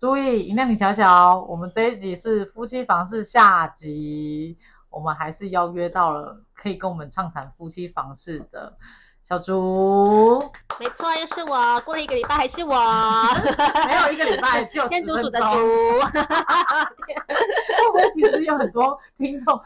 注意音量，你調小。我們這一集是夫妻房事下集，我們還是邀約到了可以跟我們暢談夫妻房事的小竹。沒錯，又是我，過了一個禮拜還是我， 沒有一個禮拜就是天竺鼠的竹。 我們其實有很多聽眾。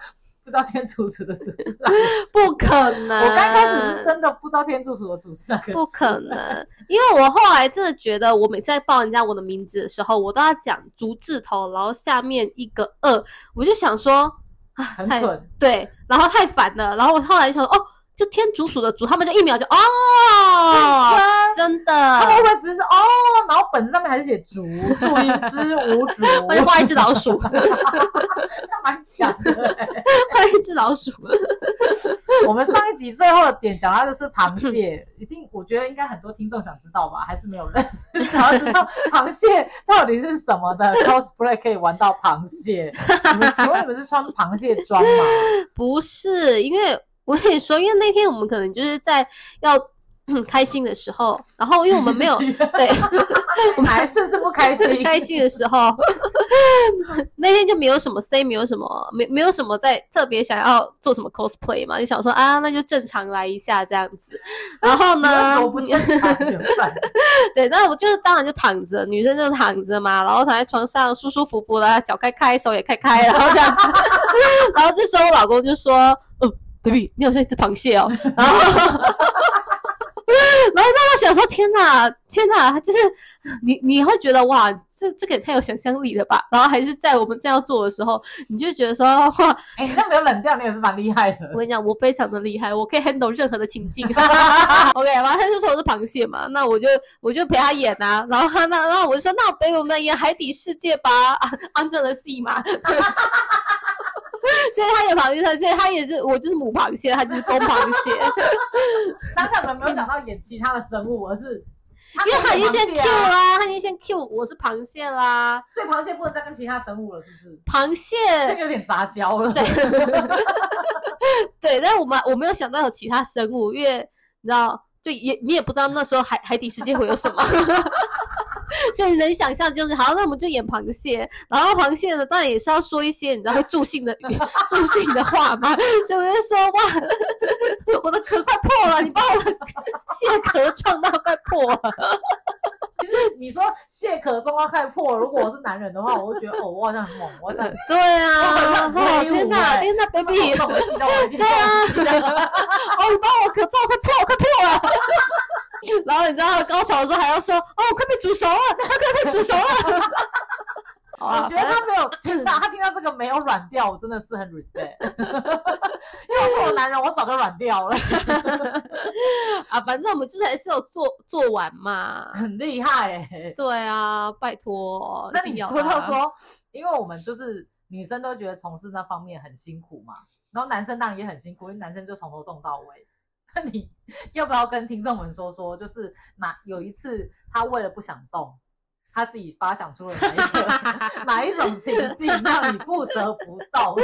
不知道天竺鼠的竺是哪個竺？ 不可能！ 我剛開始是真的不知道天竺鼠的竺是哪個竺，不可能， 因為我後來真的覺得，我每次在報人家我的名字的時候，我都要講竹字頭，然後下面一個二，我就想說啊，太對，然後太煩了，然後我後來就想說哦。就天竺鼠的竹，他們就一秒就哦真，真的，他們會只是哦，然後本子上面還是寫竹，做一只無竹或就畫一只老鼠，蠻 強的，畫一只老鼠。我們上一集最後的點講到就是螃蟹， 一定我覺得應該很多聽眾想知道吧，還是沒有認識，想要知道螃蟹到底是什麼的，cosplay 可,可以玩到螃蟹你們，請問你們是穿螃蟹裝嗎？ 不是，因為。我跟你說，因為那天我們可能就是在要開心的時候，然後因為我們沒有 對，我 們 還是是不開心，開心的時候， 那天就沒有什麼 say，沒有什麼沒沒有什麼在特別想要做什麼 cosplay 嘛，就想說啊，那就正常來一下這樣子。 然後呢，我不正常。 對，那我就是當然就躺着，女生就躺着嘛，然後躺在床上舒舒服服的，腳開開，手也開開，然後這樣子。 然後這時候我老公就說，嗯。baby，你好像一隻螃蟹哦、喔，然後 然後後，他想說天哪，天哪，就是你，你會覺得哇，這這個也太有想象力了吧？然後還是在我們這樣做的時候，你就覺得說哇，哎、欸，你那沒有冷掉，你也是蠻厲害的。我跟你講，我非常的厲害，我可以 handle 任何的情境。 OK，然後他就說我是螃蟹嘛，那我就我就陪他演啊，然後那然後我就說，那我陪我們演海底世界吧，Under the Sea 嘛。 所以他也螃蟹，所以他也是我就是母螃蟹，他就是公螃蟹。 當下可能沒有想到演其他的生物，而是、啊、因為他已經先 Q 啦，他已經先 Q 我是螃蟹啦，所以螃蟹不能再跟其他生物了，是不是？螃蟹這個有點雜交了。對， 對，但是我們我沒有想到有其他生物，因為你知道，就也你也不知道那時候海海底世界會有什麼。 所以你能想象就是好，那我們就演螃蟹，然後螃蟹呢當然也是要說一些你知道會助興的語 助興的話嘛。所以我就說哇，我的殼快破了，你把我的蟹殼撞到快破了。其實你說蟹殼撞到快破了， 如果我是男人的話，我會覺得哦，我好像很猛，我好像對啊，好像很猛，欸哦。天哪，天哪，baby 我，我，我啊，我我啊我我 哦，你把我殼撞快破，快破了。 然後你知道他高潮的時候還要說哦，快被煮熟了，快被煮熟了。我,了 我覺得他沒有聽到，他聽到這個沒有軟掉，我真的是很 respect。 因為我是我男人，我早就軟掉了。 啊，反正我們就是還是有做做完嘛。很厲害、欸。對啊，拜託。那你說到說，因為我們就是女生都覺得從事那方面很辛苦嘛，然後男生當然也很辛苦，因為男生就從頭動到尾。那 你要不要跟聽眾們說說，就是哪有一次他為了不想動，他自己發想出了哪一個 哪一種情境，讓你不得不動？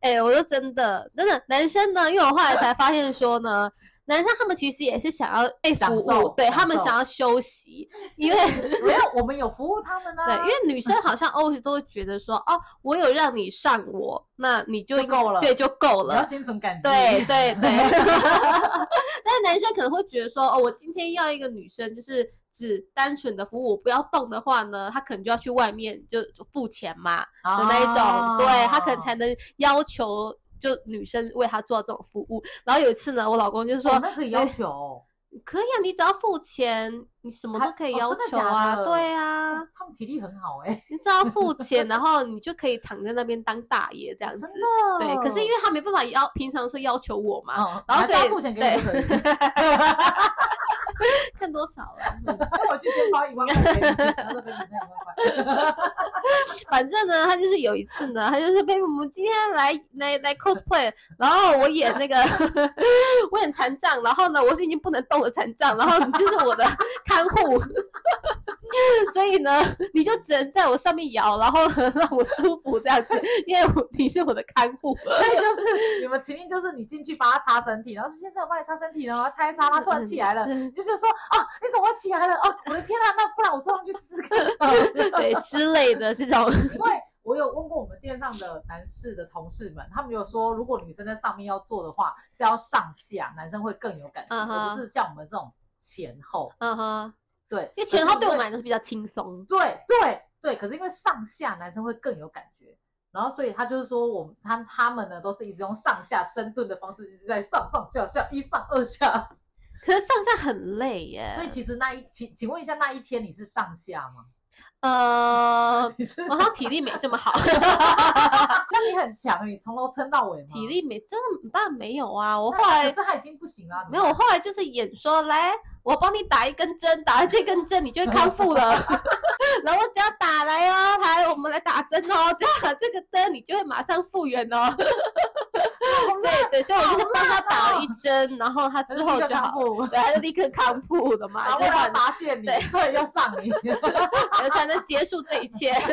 哎、 欸，我說真的，真的男生呢，因為我後來才發現說呢。男生他們其實也是想要被服務，對他們想要休息，因為沒有 我們有服務他們呢、啊。對，因為女生好像哦，都會覺得說哦，我有讓你上我，那你就，就夠了，對，就夠了。要心存感激。對對對。對 但是男生可能會覺得說哦，我今天要一個女生，就是只單純的服務，我不要動的話呢，他可能就要去外面就付錢嘛的那一種，啊、對他可能才能要求。就女生為他做這種服務，然後有一次呢，我老公就是說、哦、可以要求、哎，可以啊，你只要付錢，你什麼都可以要求啊，哦、真的假的？對啊，他、哦、們體力很好哎、欸，你只要付錢， 然後你就可以躺在那邊當大爺這樣子，真的、對。可是因為他沒辦法要，平常是要求我嘛，哦、然後所以要付錢給。 看多少了？ 反正呢，他就是有一次呢，他就是被 我們今天來來來 cosplay， 然後我演那個 我演殘障，然後呢，我是已經不能動的殘障，然後你就是我的看護， 所以呢，你就只能在我上面搖，然後讓我舒服這樣子， 因為你是我的看護， 所以就是你們 情境，就是你進去幫他擦身體，然後說，先生我幫你擦身體，然後擦一擦， 他突然起來了， 就說啊，你怎麼起來了哦、啊，我的天啊，那不然我坐上去試試看， 對 之類的這種。因為我有問過我們店上的男士的同事們，他們有說，如果女生在上面要做的話，是要上下，男生會更有感覺，uh -huh。而不是像我們這種前後。嗯哼。對，因為前後對我們來說比較輕鬆。對對對，對，對，可是因為上下男生會更有感覺，然後所以他就是說我們，我他他們呢，都是一直用上下深蹲的方式，一直在上上下下，一上二下。可是上下很累耶，所以其實那一請請問一下，那一天你是上下嗎？呃，我好像體力沒這麼好。 那你很強，你從頭撐到尾嗎？體力沒這麼大，沒有啊，我後來可是他已經不行了。沒有，我後來就是演說來，我幫你打一根針，打這根針 你就會康復了。 然後只要打來哦，來我們來打針哦、喔，只打這個針你就會馬上復原哦、喔。 對對，所以我就是幫他打了一針、啊，然後他之後就好，對，他就立刻康復的嘛。然後發現你、就是、對要上你，才能結束這一切。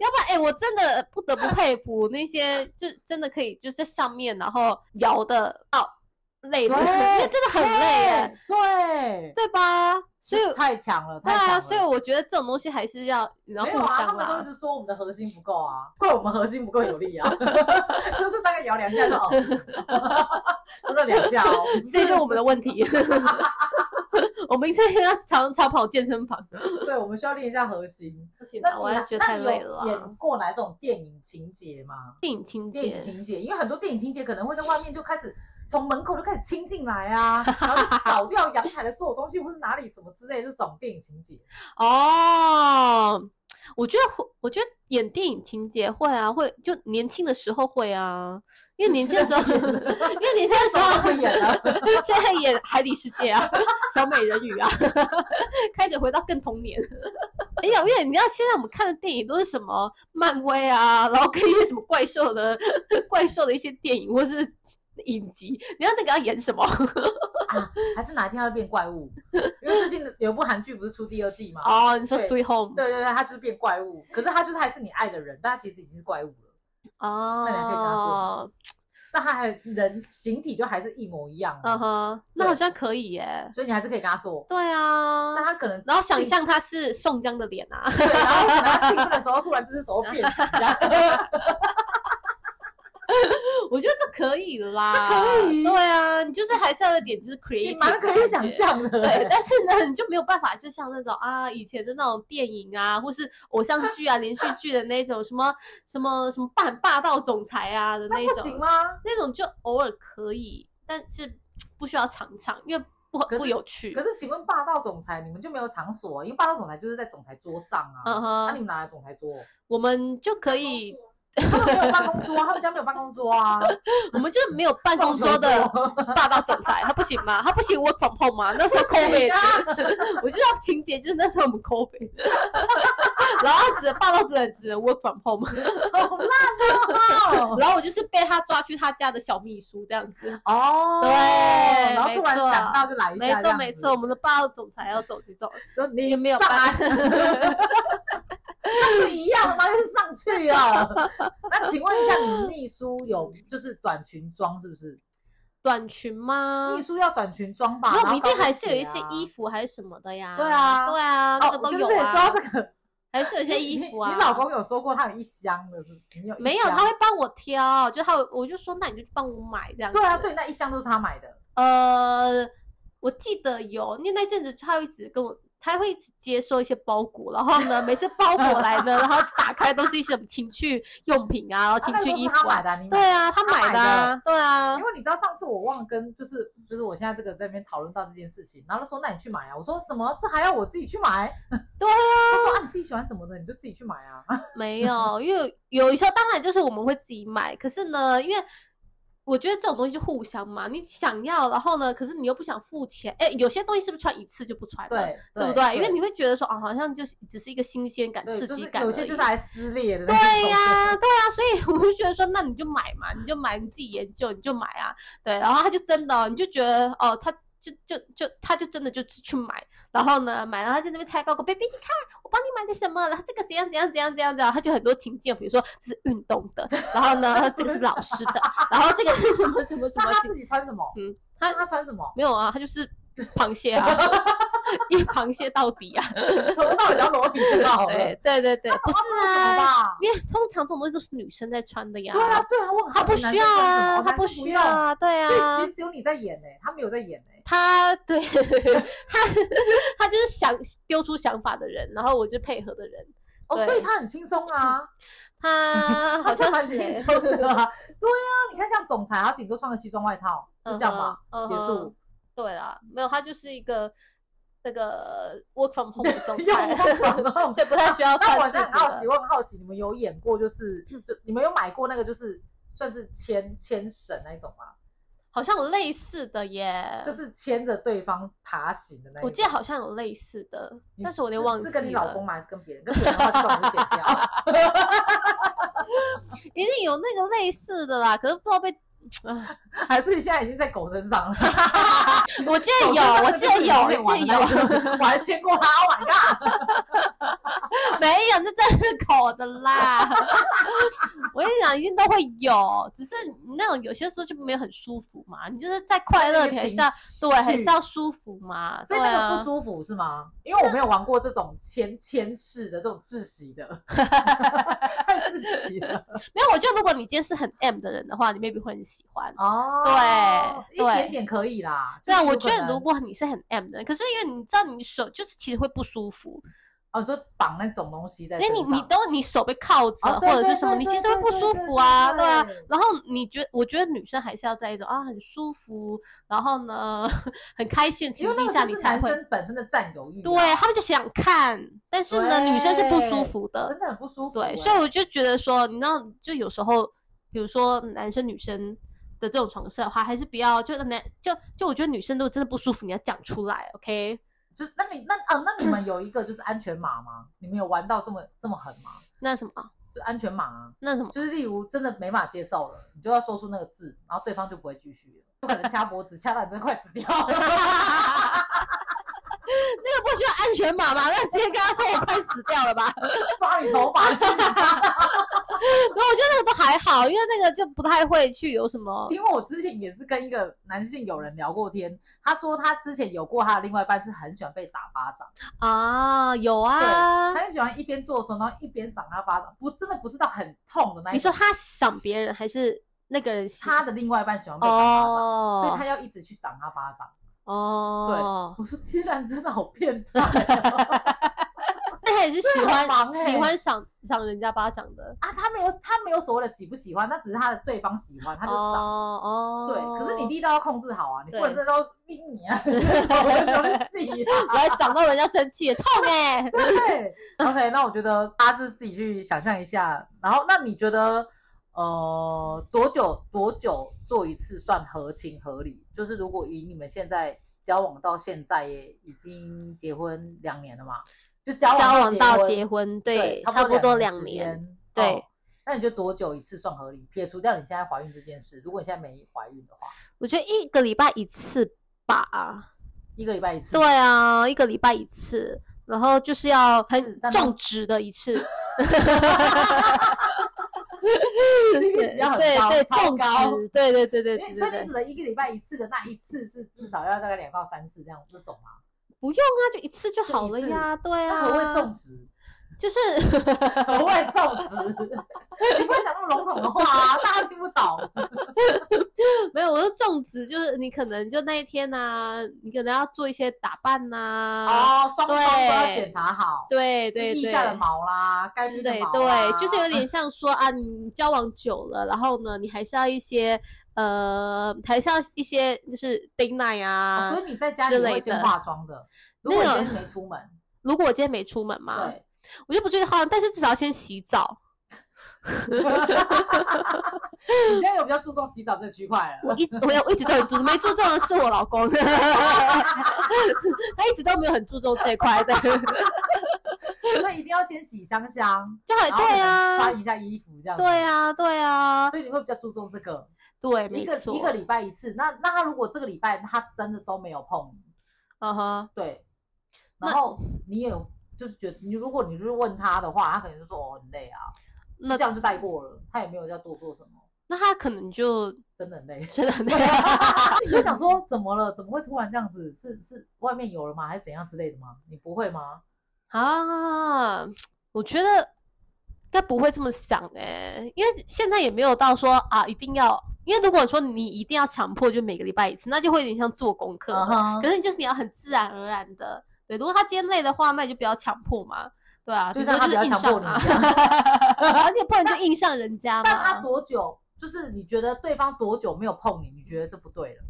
要不然哎，我真的不得不佩服那些，就真的可以就在上面，然後搖的哦累了，因為真的很累，對對，對吧？所以太強了，了，對啊，所以我覺得這種東西還是要，然後互相沒有啊，他們都一直說我們的核心不夠啊，怪我們核心不夠有力啊， 就是大概搖兩下就好倒，就這兩下哦，這 就是我們的問題。 我們一天要常常，常跑健身房。 對，我們需要練一下核心。這些那太累了，啊、那演過來這種電影情節嗎？電影情節，電影情節，因為很多電影情節可能會在外面就開始。從門口就開始親進來啊，然後掃掉陽台的所有東西， 或是哪裡什麼之類的這種電影情節哦。Oh, 我覺得，我覺得演電影情節會啊，會就年輕的時候會啊，因為年輕的時候， 因為年輕的時候 會演、啊， 現在演《海底世界》啊， 《小美人魚》啊， 開始回到更童年。沒 有、欸， 因為你知道現在我們看的電影都是什麼漫威啊，然後跟一些什麼怪獸的怪獸的一些電影，或是。影集，你要那個要演什麼、 啊、還是哪一天要變怪物？ 因為最近有部韓劇不是出第二季嗎？哦，你說《Sweet Home》？對對對，他就是變怪物，可是他就是還是你愛的人，但他其實已經是怪物了。哦、oh,，那你還可以跟他做。那、oh. 他還是人形體，就還是一模一樣。嗯、uh、哼 -huh,，那好像可以耶，所以你還是可以跟他做。對啊，那他可能，然後想象他是宋江的臉啊 對，然後可能他興奮的時候，突然這只手變死 我覺得這可以了啦，可以，對啊，你就是還是要有點就是 creativity 可以想象的對。欸，但是呢，你就沒有辦法，就像那種啊，以前的那種電影啊，或是偶像劇啊、啊連續劇的那種、啊、什麼什麼什麼霸霸道總裁啊的那種，那不行嗎？那種就偶爾可以，但是不需要常常，因為不不有趣。可是，請問霸道總裁，你們就沒有場所、啊？因為霸道總裁就是在總裁桌上啊，那、嗯啊、你們拿來總裁桌？我們就可以。 他們沒有辦公桌、啊，他們家沒有辦公桌啊。 我們就是沒有辦公桌的霸道總裁，他不行嗎？他不行 work from home 嗎、啊？那時候，COVID、啊、 我就要情節就是那時候我們 COVID， 然後只能霸道總裁只能 work from home， 好爛爛哦、喔。 然後我就是被他抓去他家的小秘書這樣子。哦、oh,，對，然後突然想到就來一下，沒錯沒錯，我們的霸道總裁要走 就走，你也沒有。那 不 一樣他嗎？就是上床對啊，那請問一下，你秘書有就是短裙裝是不是？短裙嗎？秘書要短裙裝吧？那我一定還是有一些衣服還是什麼的呀？對啊，對啊，對啊哦、那個都有啊。我跟有說這個， 還是有一些衣服啊 你。你老公有說過他有一箱的是不是？沒有，他會幫我挑，就他有我就說那你就幫我買這樣子。對啊，所以那一箱都是他買的。呃，我記得有，因為那陣子他一直跟我。他會接收一些包裹，然後呢，每次包裹來呢， 然後打開都是一些什麼情趣用品啊， 然後情趣衣服啊。對啊，他，他買的。對啊。因為你知道，上次我忘了跟就是就是我現在這個在那邊討論到這件事情，然後他說：“那你去買啊。”我說：“什麼？這還要我自己去買？” 對啊。他說：“啊，你自己喜歡什麼的，你就自己去買啊。 ”沒有，因為有時候當然就是我們會自己買，可是呢，因為。我覺得這種東西就互相嘛，你想要，然後呢，可是你又不想付錢。哎，有些東西是不是穿一次就不穿了？對，對，對不對，對？因為你會覺得說，哦，好像就只是一個新鮮感、刺激感。就是、有些就是還撕裂的那種。對呀、啊， 對呀、啊，所以我就覺得說，那你就買嘛，你就買，你自己研究，你就買啊。對，然後他就真的、哦，你就覺得哦，他。就就就，他就真的就去買，然後呢，買，然後他就在那邊拆包裹。baby，你看，我幫你買的什麼？然後這個怎樣怎樣怎樣怎樣，怎樣？他就很多情境，比如說這是運動的，然後呢，這個是老師的， 然後這個是什麼什麼什麼？ 他自己穿什麼？嗯，他他,他穿什麼？沒有啊，他就是螃蟹啊。 一螃蟹到底啊，從到我家樓梯到好對對對對，不是啊，因為通常這種東西都是女生在穿的呀。對啊對啊，他不需要啊，他不需要啊，對啊。對其實只有你在演欸，他沒有在演欸。他，對，他，他就是想丟出想法的人，然後我就配合的人。對哦，所以他很輕鬆啊， 他好像是 啊對啊，你看像總裁，他頂多穿個西裝外套，就這樣吧，uh -huh, uh -huh. 結束。對啦，沒有，他就是一個。那、這個 work from home 的狀態，所以不太需要 玩 from、 啊。那我好很好奇，我很好奇，你們有演過、就是嗯，就是，你們有買過那個，就是算是牽牽繩那種嗎？好像有類似的耶，就是牽着對方爬行的那種。我記得好像有類似的，是但是我都忘記了是，是跟你老公買還是跟別人？哈剪掉。 一定有那個類似的啦，可是不知道被。還是你現在已經在狗身上了？ 我，記得 上 我記得有，我記得有，我記得有，那個、 我還牽過他。Oh my god！ 沒有，那真是狗的啦。 我跟你講，一定都會有，只是那種有些時候就沒有很舒服嘛。你就是在快樂，還是要對，還是要舒服嘛。啊、所以那個不舒服是嗎？因為我沒有玩過這種牽牽式的這種窒息的， 太窒息了。 沒有，我覺得如果你今天是很 M 的人的話，你 maybe 會很喜。喜歡哦，oh, 對, oh, 對，一點點可以啦。對啊、就是，我覺得如果你是很 M 的，可是因為你知道你手就是其實會不舒服，哦，就綁那種東西在，那你你都你手被銬著、oh, 或者是什麼，你其實會不舒服啊，對啊。然後你覺，我覺得女生還是要在一種啊很舒服，然後呢 很開心的情景下，你才會。男生本身的占有欲、啊，對他們就想看，但是呢，女生是不舒服的，真的很不舒服、欸。對，所以我就覺得說，你知道，就有時候，比如說男生女生。的這種床事的話，還是不要。就男就就我覺得女生都真的不舒服，你要講出來，OK？就是那你那啊，那你們有一個就是安全碼嗎？ 你們有玩到這麼這麼狠嗎？那什麼？就安全碼啊？那什麼？就是例如真的沒法接受了，你就要說出那個字，然後對方就不會繼續了。不可能掐脖子， 掐到你真的快死掉了。 那個不需要安全碼嗎？那直接跟他說我快死掉了吧， 抓你頭髮。 那 我覺得那個都還好，因為那個就不太會去有什麼。因為我之前也是跟一個男性友人聊過天，他說他之前有過他的另外一半是很喜歡被打巴掌。啊，有啊，對他很喜歡一邊做的時候，然後一邊賞他巴掌，不真的不是到很痛的那。你說他賞別人，還是那個人他的另外一半喜歡被打巴掌？哦、所以他要一直去賞他巴掌。哦，對，我說竟然真的好變態。 他也是喜歡、欸、喜歡賞賞人家巴掌的啊，他沒有他沒有所謂的喜不喜歡，那只是他的對方喜歡他就賞哦。Oh, oh, 對，可是你力道要控制好啊，你不能這都逼你啊， 對 我還想到人家生氣， 痛哎、欸。對，OK，那我覺得大家就自己去想象一下， 然後那你覺得呃多久多久做一次算合情合理？就是如果以你們現在交往到現在也已經結婚兩年了嘛。交往,交往到結婚，對，對差不多兩年,年。對，哦、那你覺得多久一次算合理？撇除掉你現在懷孕這件事，如果你現在沒懷孕的話，我覺得一個禮拜一次吧。一個禮拜一次。對啊，一個禮拜一次，然後就是要很重質的一次。哈哈哈哈哈！ 是比較很高對對重質，對對對對對。所以你指的一個禮拜一次的那一次是至少要大概兩到三次這樣這種嗎？.不用啊，就一次就好了呀，對啊。不會種植，就是不會種植。 你不要講那麼籠統的話、啊，大家聽不懂。 沒有，我說種植就是你可能就那一天呢、啊，你可能要做一些打扮吶、啊。哦，雙方都要檢查好。對對對。腋下的毛啦，胳臂的毛啦，是的，對，就是有點像說 啊，你交往久了，然後呢，你還是要一些。呃，台下一些就是丁奈啊、哦，所以你在家裡會先化妝的。如果今天沒出門，如果我今天沒出門嘛，我就不覺得化，但是至少要先洗澡。 你現在有比較注重洗澡這區塊啊？我一我我一直都很注重， 沒注重的是我老公， 他一直都沒有很注重這塊的。 所以一定要先洗香香，就很對啊，穿一下衣服這樣對啊，對啊，對啊，所以你會比較注重這個。對沒錯，一個一個禮拜一次，那那他如果這個禮拜他真的都沒有碰你，Uh-huh. 對，然後你有就是覺得你如果你就是問他的話，他可能就說哦很累啊，那這樣就帶過了，他也沒有要多做,做什麼，那他可能就真的很累，真的很累、啊，你、啊、就想說怎麼了？怎麼會突然這樣子？是是外面有了嗎？還是怎樣之類的嗎？你不會嗎？啊，我覺得該不會這麼想哎、欸，因為現在也沒有到說啊一定要。因為如果你說你一定要強迫，就每個禮拜一次，那就會有點像做功課。Uh-huh. 可是你就是你要很自然而然的。對，如果他今天累的話，那你就不要強迫嘛。對啊，就像他就硬上人家他強迫人家、 啊、你而且不能就硬上人家嘛。那他多久？就是你覺得對方多久沒有碰你？你覺得這不對了？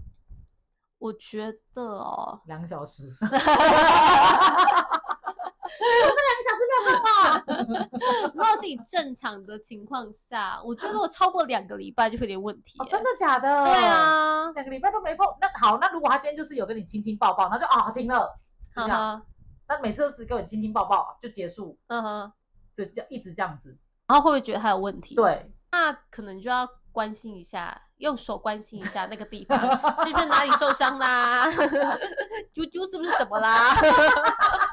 我覺得哦，兩個小時。哈哈哈兩個小時。哇！ 如果是你正常的情況下、啊，我覺得如果超過兩個禮拜就會有點問題、欸哦。真的假的？對啊，兩個禮拜都沒碰 po...。那好，那如果他今天就是有跟你親親抱抱，他就啊、哦、停了，好、uh -huh.，那每次都是跟我親親抱抱就結束，嗯哼，就這一直這樣子。然後會不會覺得他有問題？對，那可能就要關心一下，用手關心一下那個地方 是不是哪裡受傷啦？ 啾啾是不是怎麼啦？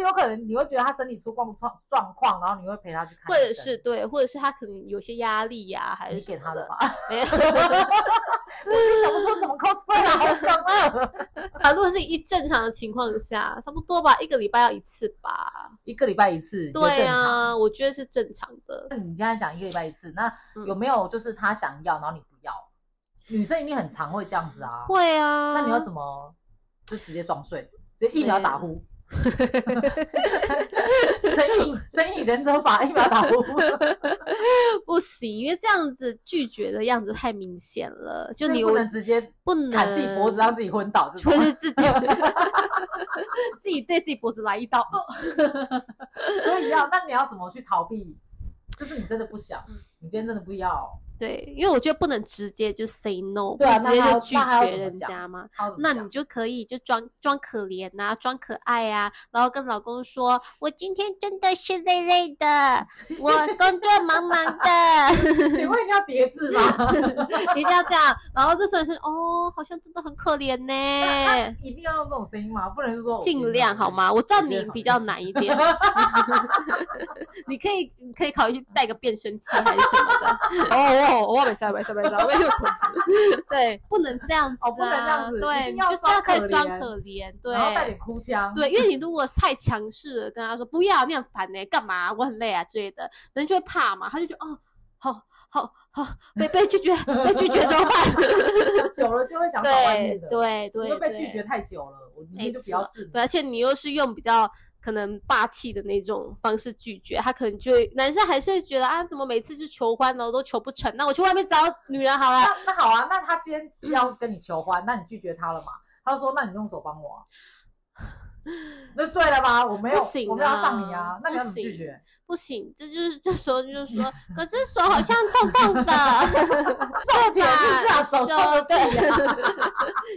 有可能你會覺得他身體出狀狀狀況，然後你會陪他去看。或者是對，或者是他可能有些壓力呀、啊，還是你給他的吧。沒有，我想不出什麼 cosplay 好什麼。啊， 如果是一正常的情況下，差不多吧，一個禮拜要一次吧，一個禮拜一次，對啊，我覺得是正常的。那你現在講一個禮拜一次，那有沒有就是他想要，然後你不要、嗯？女生一定很常會這樣子啊，會啊。那你要怎麼？就直接裝睡， 直接一秒打呼。哈哈哈哈生意人走法，一秒打不， 不行，因為這樣子拒絕的樣子太明顯了。就你我不能直接砍自己脖子，讓自己昏倒，就是自己 自己對自己脖子來一刀。 所以要，但你要怎麼去逃避？就是你真的不想、嗯，你今天真的不要、哦。對，因為我覺得不能直接就 say no，對、啊，要直接就拒絕人家嘛。那，那你就可以就裝裝可憐吶、啊，裝可愛呀、啊，然後跟老公說：“ 我今天真的是累累的，我工作忙忙的。”請問一定要疊字嗎？ 一定要這樣。然後這時候是哦，好像真的很可憐呢。一定要用這種聲音嗎？不能說 OK, 盡量好嗎？好，我知道你比較難一點， 你可以可以考慮去帶個變聲器還是什麼的。Oh, 哦，我沒事，我被有被殺！對，不能這樣子啊！Oh, 不能這樣子，對，你你就是要再可以裝可憐，對，然後帶點哭腔，對, 對，因為你如果太強勢跟他說不要，你很煩哎、欸，幹嘛？我很累啊之類的，人就會怕嘛，他就覺得哦，好好好，被被拒絕。 被拒絕怎麼辦？ 有久了就會想。對對對，對對被拒絕太久了，我那就比較適對，而且你又是用比較。可能霸氣的那種方式拒絕他，可能就男生還是覺得啊，怎麼每次去求歡呢，我都求不成？那我去外面找女人好了。那，那好啊，那他今天要跟你求歡，嗯，那你拒絕他了嗎？他說，那你用手幫我，啊。那醉了吧？我沒有，不行啊、我們要放你啊！不行那拒絕，不行，這就是這時候就是說，可是手好像痛痛的，痛 吧？手痛，手，對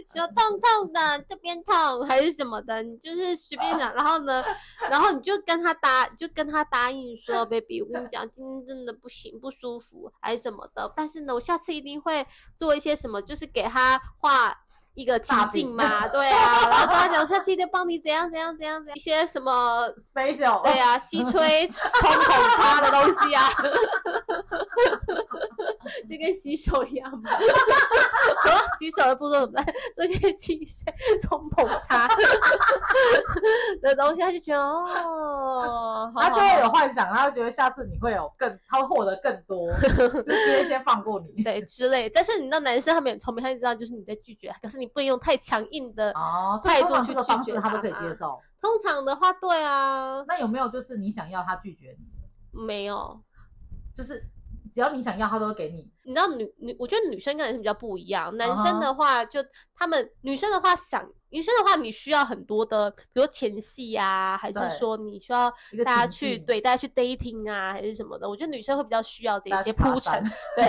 手痛痛的，這邊痛還是什麼的？你就是隨便講，然後呢，然後你就跟他答，就跟他答應說，baby，我跟你講，今天真的不行，不舒服還是什麼的？但是呢，我下次一定會做一些什麼，就是給他畫。一個情境嘛，大 對啊，然後跟他講，下去就幫你怎樣 怎樣怎樣怎樣，一些什麼 special，對啊，吸吹、穿孔插的東西啊。 就跟洗手一樣嘛， 然 洗手的步驟怎麼辦？做一些清水、沖捧、擦的東西，他就覺得哦，他就會有幻想，他會覺得下次你會有更，他會獲得更多， 就是直接先放過你 對，對之類。但是你那男生他很聰明，他就知道就是你在拒絕，可是你不能用太強硬的哦態度去、啊哦、以方式他都可以接受。通常的話，對啊。那有沒有就是你想要他拒絕你？沒有，就是。只要你想要，他都給你。你知道女女，我覺得女生跟男生比較不一樣。男生的話，就他們、uh-huh, 女生的話想，想女生的話，你需要很多的，比如前戲呀、啊，還是說你需要大家去對，對大家去 dating 啊，還是什麼的。我覺得女生會比較需要這些鋪陳，對，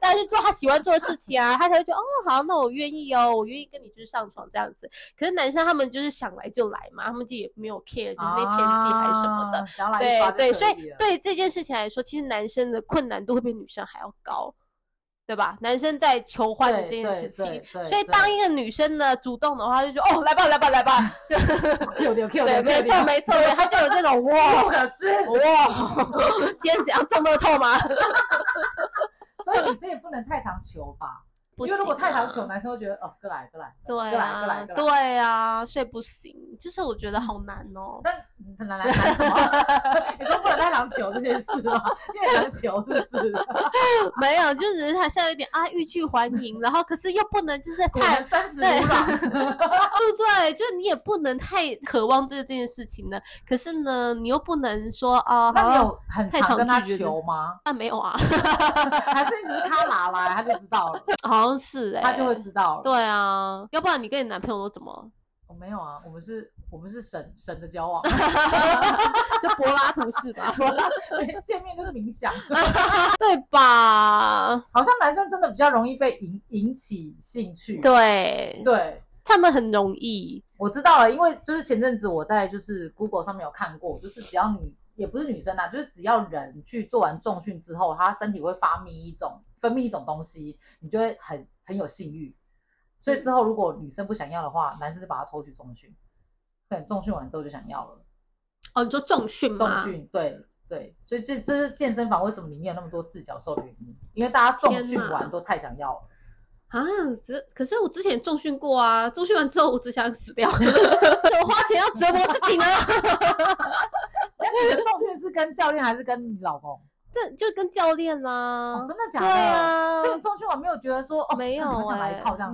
大家去做 他喜歡做的事情啊， 他才會覺得哦，好，那我願意哦，我願意跟你就是上床這樣子。可是男生他們就是想來就來嘛，他們自己也沒有 care，就是那前戲還是什麼的。啊，對，想來的就對，對，所以對這件事情來說，其實男生的困難度會變。女生還要高，對吧？男生在求歡的這件事情，對對對對對，所以當一個女生呢主動的話，就說哦，來吧，來吧，來吧，就 對，沒錯沒錯，她 他就有這種 哇，可哇， 今天怎樣中樂透嗎？ 所以你這也不能太常求吧。啊、因為如果太狼求，啊，男生會覺得哦，哥來哥來，對啊，對啊，睡，啊、不行，就是我覺得好難哦。但男什麼你都不能太狼 求這件事哦，太想求是不是？沒有，就是他現在有點啊，欲拒還迎，然後可是又不能就是太 三十五，對不對？ 就是你也不能太渴望這這件事情的，可是呢，你又不能說啊，他沒有很常跟他求嗎？那、 啊、沒有啊， 還是，是他拿來他就知道了。好。 都是哎、欸，他就會知道了。對啊，要不然你跟你男朋友都怎麼？我、哦、沒有啊，我們是，我們是神神的交往，這 柏拉圖式吧。 見面就是冥想， 對吧？好像男生真的比較容易被引引起興趣。對對，他們很容易。我知道了，因為就是前陣子我在就是 Google 上面有看過，就是只要你也不是女生吶，就是只要人去做完重訓之後，他身體會分泌一種。分泌一種東西，你就會很很有性慾，所以之後如果女生不想要的話，嗯、男生就把它偷去重訓，可能重訓完後就想要了。哦，你說重訓？重訓對對，所以這這、就是健身房為什麼裡面有那麼多四角獸的原因，因為大家重訓完都太想要了啊！只、啊、可是我之前重訓過啊，重訓完之後我只想死掉，我 花錢要折磨自己呢。那你的重訓是跟教練還是跟老公？就跟教練啦。啊哦，真的假的？哦？對啊，所以中秋我沒有覺得說，哦、沒有、欸，沒有，真的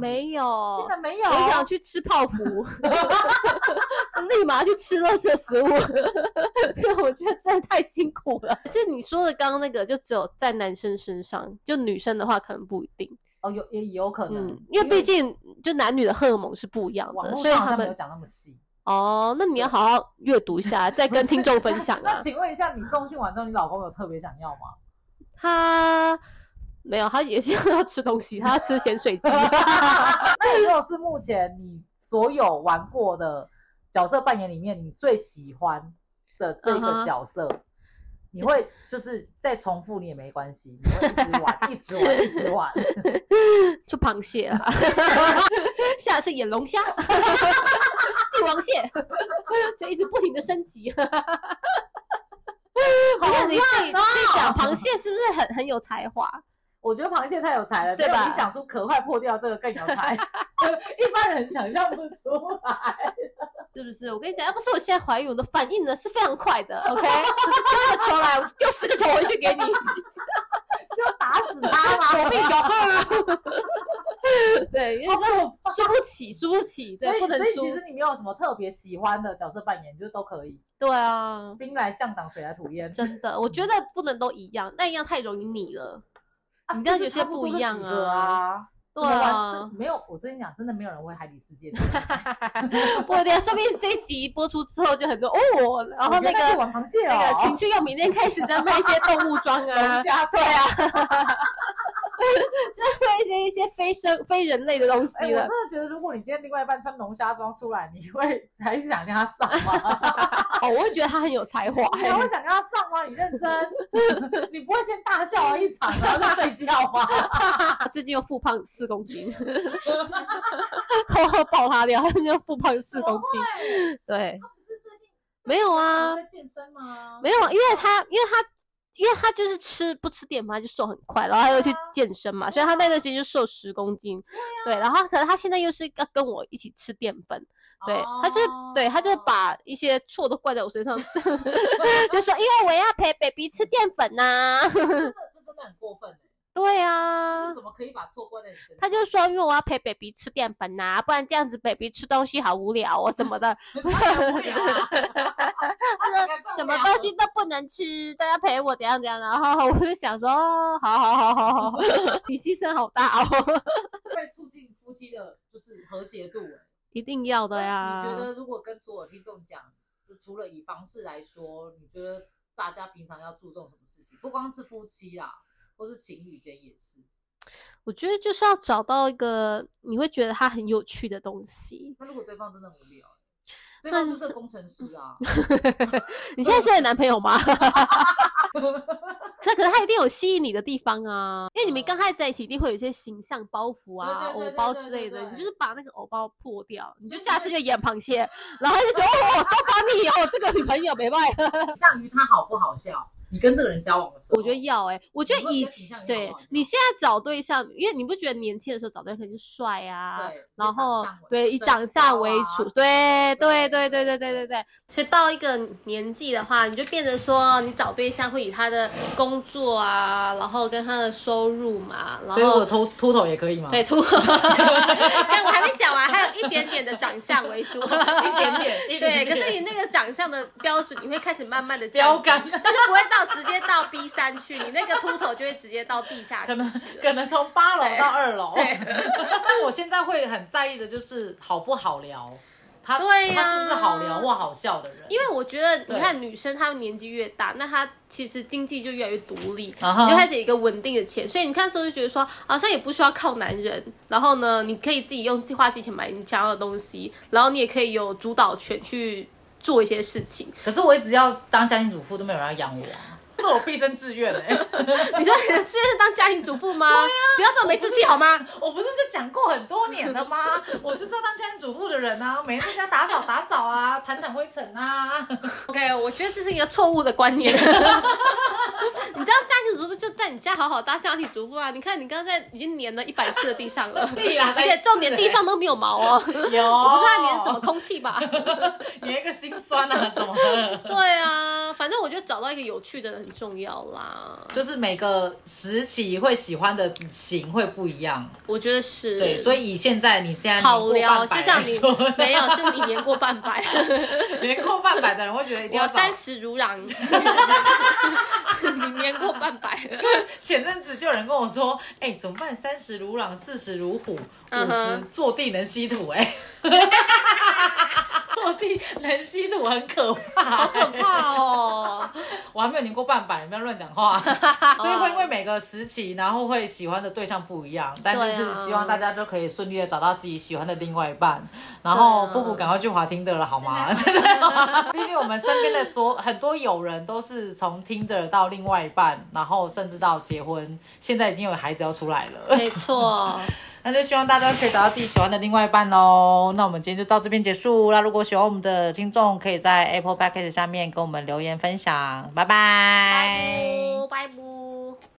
沒有，我想去吃泡芙， 就立馬去吃垃圾食物 對，我覺得真的太辛苦了。其實 你說的剛剛那個，就只有在男生身上，就女生的話可能不一定，哦，有也有可能，嗯、因為畢竟就男女的荷爾蒙是不一樣的，所以他們。哦，那你要好好閱讀一下，再跟聽眾分享，啊那。那請問一下，你中訊完之後，你老公有特別想要嗎？他沒有，他也是要吃東西，他要吃鹹水雞。 那如果是目前你所有玩過的角色扮演裡面，你最喜歡的這個角色。Uh-huh. 你會就是再重複你也沒關係，你會一直， 一直玩，一直玩，一直玩，就螃蟹了。 下次演龍蝦， 帝王蟹， 就一直不停的升級。 你好看，哦，你自己講，螃蟹是不是很很有才華？我覺得螃蟹太有才了，對吧？你講出可快破掉這個更有才， 一般人想象不出來，是不是？我跟你講，要不是我現在懷疑我的反應呢是非常快的，OK？丟 個球來，我丟十個球回去給你，要 打死他嗎？手臂腳後了 對，因為說輸不起，輸、啊、不起，啊、不起所以不能輸。其實你沒有什麼特別喜歡的角色扮演，就是都可以。對啊，兵來將擋，水來土掩，真的，我覺得不能都一樣，那一樣太容易膩了。啊、你這樣有些不一樣啊。啊就是、啊對啊，沒有，我跟你講，真的沒有人會海底世界我的，說 不定、啊、這一集一播出之後，就很多哦。然後那個就、喔、那個情趣又明天開始在賣一些動物裝啊，對啊。非生非人類的東西了。欸、我真的覺得，如果你今天另外一半穿龍蝦裝出來，你會還是想跟他上嗎？ 哦，我會覺得他很有才華，你我想跟他上嗎？你認真， 你不會先大笑一場，然後再睡覺嗎？ 最近又復胖四公， 公斤，好好爆他掉！又復胖四公斤，對。他、啊，不是最近沒有啊？在健身嗎？沒有，因為他，因為他。 因為他就是吃不吃澱粉，他就瘦很快，然後他又去健身嘛、啊，所以他那段時間就瘦十公斤對、啊。對，然後可能他現在又是要跟我一起吃澱粉對、啊，對，他就、Oh. 對，他就把一些錯都怪在我身上， 就說因為我要陪 baby 吃澱粉吶、啊，這、欸、真，真的很過分。對啊是，怎麼可以把錯怪在你身上？他就說，因為我要陪 baby 吃澱粉吶、啊，不然這樣子 baby 吃東西好無聊啊、哦、什麼的。 他說什麼東西都不能吃， 大家陪我怎樣怎樣。然後我就想說，好好好好好， 你犧牲好大哦。 在促進夫妻的，就是和諧度、欸，一定要的呀、啊。你覺得如果跟所有聽眾講，就除了以房事來說，你覺得大家平常要注重什麼事情？不光是夫妻啦。或是情侶間也是，我覺得就是要找到一個你會覺得他很有趣的東西。那如果對方真的無聊、欸、對方就是工程師啊！嗯、 你現在是有男朋友嗎？可 可是他一定有吸引你的地方啊，因為你們剛開始在一起一定會有一些形象包袱啊、嗯、藕包之類的，你就是把那個藕包破掉，你就下次就演螃蟹，然後他就覺得 我收翻你哦，這個女朋友沒辦法。像於他好不好笑？你跟這個人交往的時候，我覺得要哎、欸，我覺得以對，你現在找對象，因為你不覺得年輕的時候找對象肯定就帥啊對，然後對以長相為主、啊，對對對對對對對對，所以到一個年紀的話，你就變成說你找對象會以他的工作啊，然後跟他的收入嘛，然後禿禿頭也可以嗎？對禿頭，但 我還沒講完，還有一點點的長相為主， 一點點，對點點，可是你那個長相的標準，你會開始慢慢的標杆，但是不會到。 直接到 B 三去，你那個禿頭就會直接到地下室去了。可能，可能從八樓到二樓。但 我現在會很在意的就是好不好聊，他對、啊、他是不是好聊或好笑的人？因為我覺得你看女生，她們年紀越大，那她其實經濟就越來越獨立，你、uh -huh. 就開始有一個穩定的錢，所以你看時候就覺得說好像也不需要靠男人。然後呢，你可以自己用計劃金錢買你想要的東西，然後你也可以有主導權去做一些事情。可是我一直要當家庭主婦，都沒有人要養我。是我畢生志願哎、欸！你說你的志願是當家庭主婦嗎？啊、不要這麼沒志氣好嗎？我不是就講過很多年了嗎？我就是要當家庭主婦的人啊，每天在家打掃打掃啊，掸掸灰塵啊。OK，我覺得這是一個錯誤的觀念。 你知道家庭主婦就在你家好好當家庭主婦啊！你看你剛才已經粘了一百次的地上了，對呀、欸，而且重點地上都沒有毛哦、啊，有， 我不知道粘什麼空氣吧？粘個心酸啊，怎麼？ 對啊，反正我就找到一個有趣的人。重要啦，就是每個時期會喜歡的型會不一樣，我覺得是。對，所以，以現在你現在年過半百，好聊就像你 沒有，是你年過半百。 年過半百的人，會覺得一定要我我三十如狼， 你年過半百了。前陣子就有人跟我說，哎、欸，怎麼辦？三十如狼，四十如虎，uh -huh. 五十坐地能吸土、欸，哎。 我人，吸毒很可怕、欸，好可怕哦！ 我還沒有年過半百，不要亂講話。 所以會因為每個時期，然後會喜歡的對象不一樣，但是就是希望大家都可以順利的找到自己喜歡的另外一半。啊、然後布布、啊、趕快去滑聽的了，好嗎？啊、 畢竟我們身邊的所很多友人都是從聽着到另外一半，然後甚至到結婚，現在已經有孩子要出來了。沒錯。那就希望大家可以找到自己喜歡的另外一半嘍。那我們今天就到這邊結束啦。那如果喜歡我們的聽眾，可以在 Apple Podcast 下面跟我們留言分享。拜拜。拜不拜不。